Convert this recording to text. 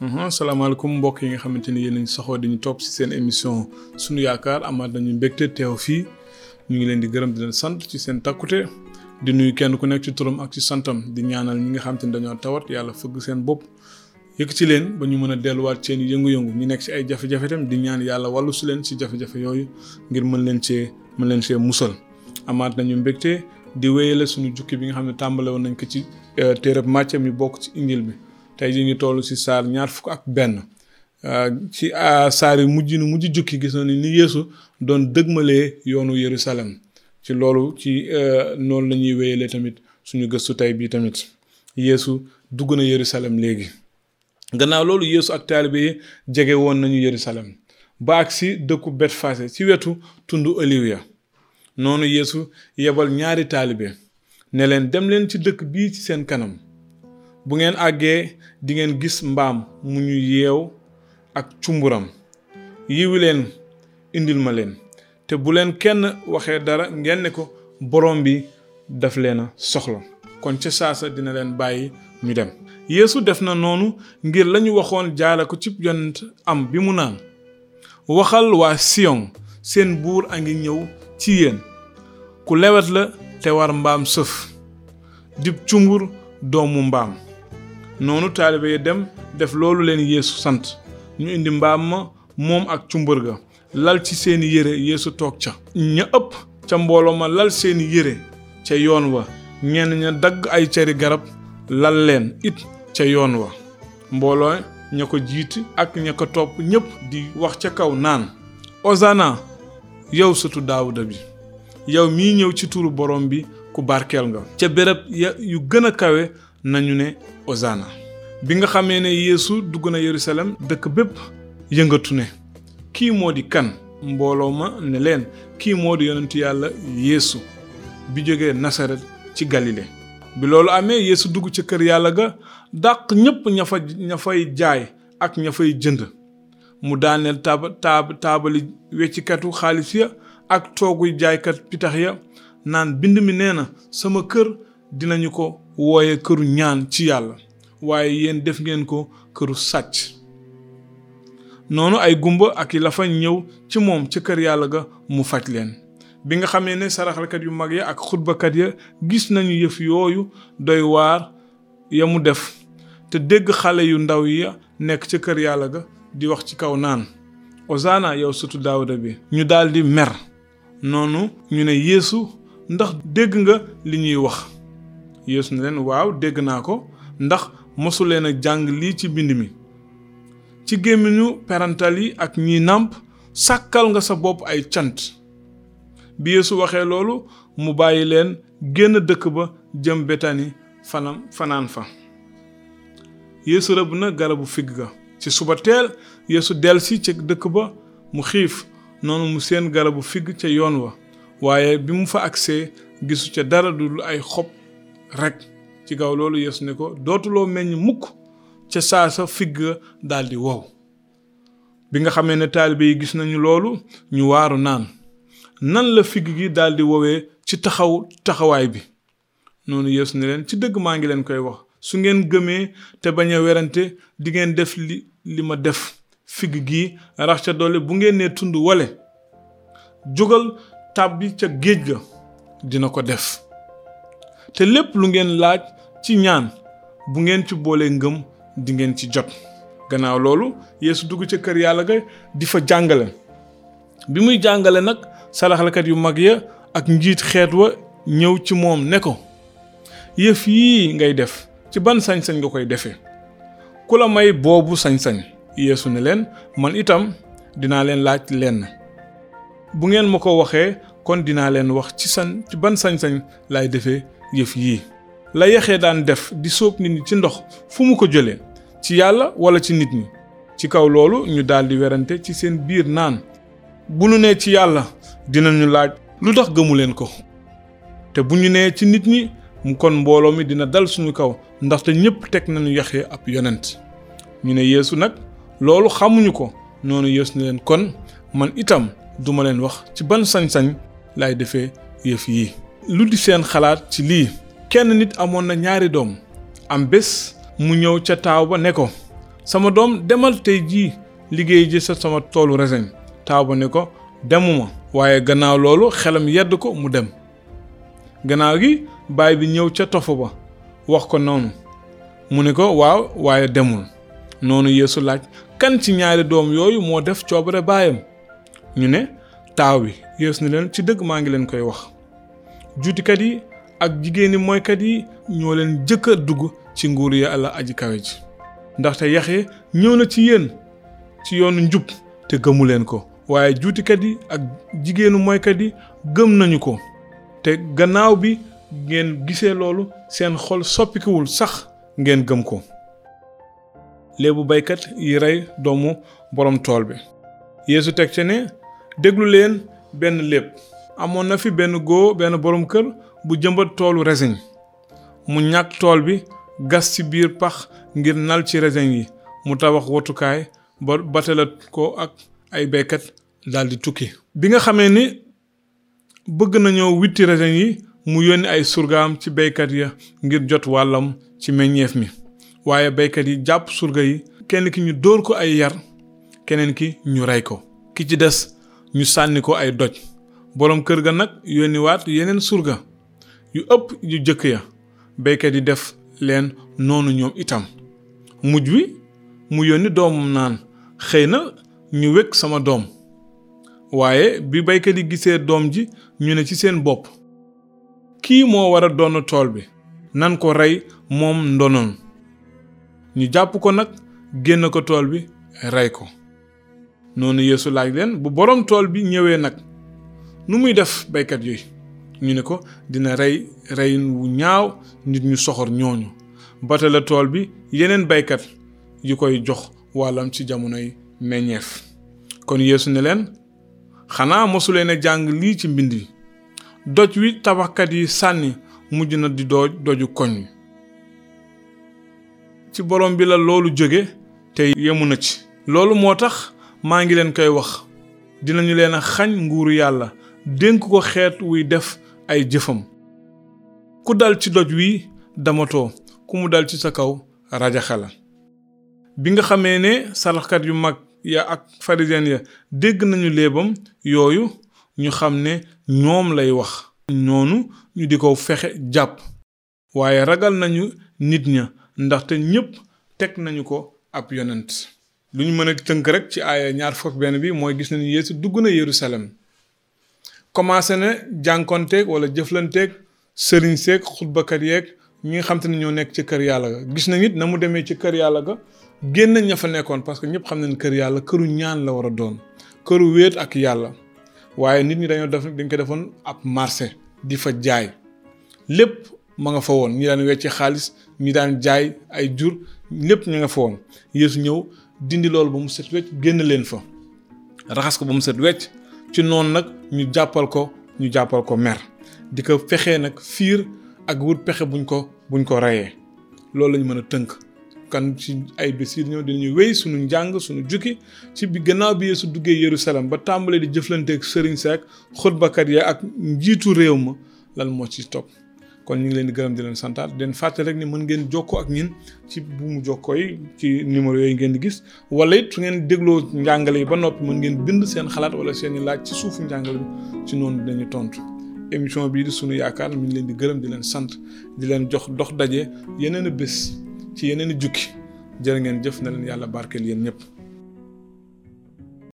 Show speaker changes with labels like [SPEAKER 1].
[SPEAKER 1] Mhm, salaamaaleykum mbokk yi nga xamante ni yéen saxoo dañu topp si seen émission sunu yaakaar amaat nañu mbégte teew fii ñu ngi leen di gërëm di leen sant ci seen takkute di nuyu kenn ku nekk ci turam ak ci santam di ñaanal ñi nga xamante ni dañoo tawat yàlla fëgg seen bopp yëkk ci leen ba ñu mën a delluwaat seen yëngu-yëngu nekk si ay jafe-jafe tam di ñaan yàlla wàllu si leen si jafe-jafe yooyu ngir mën leen cee mën leen cee musal amaat nañu mbégte di wéyale suñu jukki bi nga xam ne tàmbale woon nañ ko ci euh, téereb bokk ci indil bi tey jii ngi toll ci saar ñaar fukk ak benn euh, ci euh, saar yu mujj nu mujj jukki gis na ni ni yeesu doon dëgmalee yoonu Yerusalem ci loolu ci euh, noonu la ñuy wéyalee tamit suñu gëstu tey bii tamit yéesu dugg na Yerusalem léegi. gannaaw loolu yéesu ak taalibe yi jege woon nañu Yerusalem ba ak si dëkku Betfase ci wetu tundu Oliw ya noonu yéesu yebal ñaari taalibe ne leen dem leen ci dëkk bii ci seen kanam. bu ngeen àggee dingeen gis mbaam mu ñu yeew ak cumburam yiwi leen indil ma leen te bu leen kenn waxee dara ngeen ne ko borom bi daf leen a soxla kon ca saasa dina leen bàyyi ñu dem yéesu def na noonu ngir lañu waxoon jaara ko ci yonent am bi mu naan waxal waa siyon seen buur a ngi ñëw ci yéen ku lewet la te war mbaam sëf dib cumbur doomu mbaam nonu talibe ye dem def lolou len yesu sant ñu indi mbamma mom ak cumburga lal ci seen yere yesu tok ca ña ëpp ca mbolo ma lal seen yere ca yoon wa ñen ña dag ay ciari garab lal len it ca yoon wa mbolo ña ko jiti ak ña ko top ñep di wax ca kaw naan ozana yow sutu daawuda bi yow mi ñew ci turu borom bi ku barkel nga ca bërepp yu gëna kawe nañu ne Hosanna bi nga xamee ne yéesu dugg na Yerusalem dëkk bépp yëngatu ne kii moo di kan mbooloo ma ne leen kii moo di yonentu yàlla yéesu bi jóge Nasaret ci Galile bi loolu amee Yeesu dugg ci kër yàlla ga dàq ñépp ña fa ña fay jaay ak ña fay jënd mu daaneel taaba taabali weccikatu xaalis ya ak tooguy jaaykat pitax ya naan bind mi nee na sama kër dinañu ko wooye këru ñaan ci yàlla waaye yéen def ngeen ko këru sàcc noonu ay gumba ak yi la ñëw ci moom ci kër yàlla ga mu faj leen bi nga xamee ne saraxalkat yu mag ya ak xutbakat ya gis nañu yëf yooyu doy waar ya mu def te dégg xale yu ndaw yi nekk ca kër yàlla ga di wax ci kaw naan Hosanna yow sëtu Daawuda bi ñu daldi mer noonu ñu ne yéesu ndax dégg nga li ñuy wax Yeesu ne leen waaw dégg naa ko ndax mosu leen a jàng lii ci mbind mi ci gémmiñu perantal yi ak ñiy nàmp sàkkal nga sa bopp ay cant bi Yeesu waxee loolu mu bàyyi leen génn dëkk ba jëm Betani fanaan fa Yeesu rëbb na garabu figg ga ci suba teel Yeesu si ci dëkk ba mu xiif noonu mu seen garabu fig ca yoon wa waaye bi mu fa agsee gisu ca dara dul ay xob rekk ci kaw loolu yeesu ne ko dootuloo meññ mukk ca saa sa figg daal di wow bi nga xamee ne taalibe yi gis nañu loolu ñu waaru naan nan la figg gi daldi di wowee ci taxaw taxawaay bi noonu yeesu ne leen ci dëgg maa ngi leen koy wax su ngeen gëmee te bañ a werante dingeen def li li ma def figg gi rax ca doole bu ngeen nee tund wale jógal tàbbi ca géej ga dina ko def te lépp lu ngeen laaj ci ñaan bu ngeen ci boolee ngëm dingeen ci jot gannaaw loolu yéesu dugg ca kër yàlla ga di fa jàngale bi muy jàngale nag saraxalekat yu mag ya ak njiit xeet wa ñëw ci moom ne ko yëf yii ngay def ci ban sañ-sañ nga koy defee ku la may boobu sañ-sañ yeesu ne leen man itam dinaa leen laaj lenn bu ngeen ma ko waxee kon dinaa leen wax ci sañ ci ban sañ-sañ laay defee yëf yii la yaxee daan def di sóob nit ñi ci ndox fu mu ko jëlee ci yàlla wala ci nit ñi ci kaw loolu ñu daal werante ci seen biir naan bu ñu nee ci yàlla dinañu laaj lu tax gëmu leen ko te bu ñu nee ci nit ñi mu kon mbooloo mi dina dal suñu kaw ndaxte ñépp teg nañu yaxee ab yonent ñu ne yéesu nag loolu xamuñu ko noonu yéesu ne leen kon man itam duma leen wax ci ban sañ-sañ laay defee yëf yii lu di seen xalaat ci lii kenn nit amoon na ñaari doom am bés mu ñëw ca taaw ba ne ko sama doom demal tey jii liggéey ji sa sama toolu raisin taaw ba ne ko ma waaye gannaaw loolu xelam yedd ko mu dem gannaaw gi baay bi ñëw ca tofa ba wax ko noonu mu ne ko waaw waaye demul noonu yéesu laaj kan ci ñaari doom yooyu moo def coobare baayam ñu ne taaw bi yeesu ni leen ci dëgg maa ngi leen koy wax juutikat yi ak jigéeni mooykat yi ñoo leen jëkk a dugg ci nguur yi Yàlla aji kawe ji ndaxte Yaxya ñëw na ci yéen ci yoonu njub te gëmu leen ko waaye juutikat yi ak jigéenu mooykat yi gëm nañu ko te gannaaw bi ngeen gisee loolu seen xol soppikuwul sax ngeen gëm ko léebu baykat yi rey doomu boroom tool bi Yeesu teg ci ne déglu leen benn léeb amoon na fi benn góo benn borom kër bu jëmbat toolu raisin mu ñàkk tool bi gas ci biir pax ngir nal ci raisin yi mu tabax watukaay ba batalat ko ak ay béykat daal tukki. bi nga xamee ni bëgg nañoo witti raisin yi mu yónni ay surgaam ci béykat ya ngir jot wàllam ci meññeef mi waaye béykat yi jàpp surga yi. kenn ki ñu dóor ko ay yar keneen ki ñu rey ko ki ci des ñu sànni ko ay doj. boroom kër ga nag yónniwaat yeneen surga yu ëpp yu jëkk ya béykat yi def leen noonu ñoom itam mujj wi mu yónni doomam naan xëy na ñu wekk sama doom waaye bi béykat yi gisee doom ji ñu ne ci seen bopp kii moo war a doon tool bi nan ko rey moom ndonoon ñu jàpp ko nag génn ko tool bi rey ko noonu Yeesu laaj leen bu boroom tool bi ñëwee nag nu muy def baykat yooyu ñu ne ko dina rey reyin wu ñaaw nit ñu soxor ñooñu batale tool bi yeneen baykat yi koy jox wàllam ci jamonoy meññeef kon yéesu ne leen xanaa mosuleen a jàng lii ci mbind yi doj wi tabaxkat yi sànni mujj na di dooj doju koñ wi ci borom bi la loolu jóge te yemu na ci loolu moo tax maa ngi leen koy wax dinañu leen a xañ nguur yàlla dénk ko xeet wuy def ay jëfam ku dal ci doj wi damatoo ku mu dal ci sa kaw rajaxala bi nga xamee ne saraxkat yu mag ya ak farisen ya dégg nañu léebam yooyu ñu xam ne ñoom lay wax ñoonu ñu di ko fexe jàpp waaye ragal nañu nit ña ndaxte ñépp teg nañu ko ab yonent lu ñu mën a tënk rek ci aaya ñaar fukk benn bi mooy gis nañu Yeesu dugg na Yerusalem commencé na jànkonteeg wala jëflanteeg sëriñ seeg xutbakat yeeg ñi nga xam ne ñoo nekk ci kër yàlla ga gis nañ it na mu demee ci kër yàlla ga génn ña fa nekkoon parce que ñëpp xam nañ kër yàlla këru ñaan la war a doon këru wéet ak yàlla waaye nit ñi dañoo def dañ ko defoon ab marché di fa jaay lépp mu nga fa woon ñi daan wecci xaalis ñi daan jaay ay jur lépp ñu nga fa woon Yeesu ñëw dindi loolu ba mu set wecc génn leen fa raxas ko ba mu set wecc ci noonu nag ñu jàppal ko ñu jàppal ko mer di ko fexee nag fiir ak wut pexe buñ ko buñ ko reyee loolu lañ mën a tënk kan ci ay bés yi ñëw dinañu wéy suñu njàng suñu jukki ci bi gannaaw bi Yeesu duggee Yerusalem ba tàmbalee di jëflante jëflanteeg sëriñ seek xutbakat ya ak njiitu réew ma lan moo ci topp kon ñu ngi leen di gërëm di leen santaat den fàtte rek ni mën ngeen jokkoo ak ñun ci buumu jokkooy ci numéro yooyu ngeen di gis wala it su ngeen dégloo njàngale yi ba noppi mën ngeen bind seen xalaat wala seeni laaj ci suufu njàngale bi ci noonu dinañu tontu émission bii di sunu yaakaar mi ngi leen di gërëm di leen sant di leen jox dox daje yeneen a bés ci yeneen i jukki jërë ngeen jëf na leen yàlla barkeel yéen ñëpp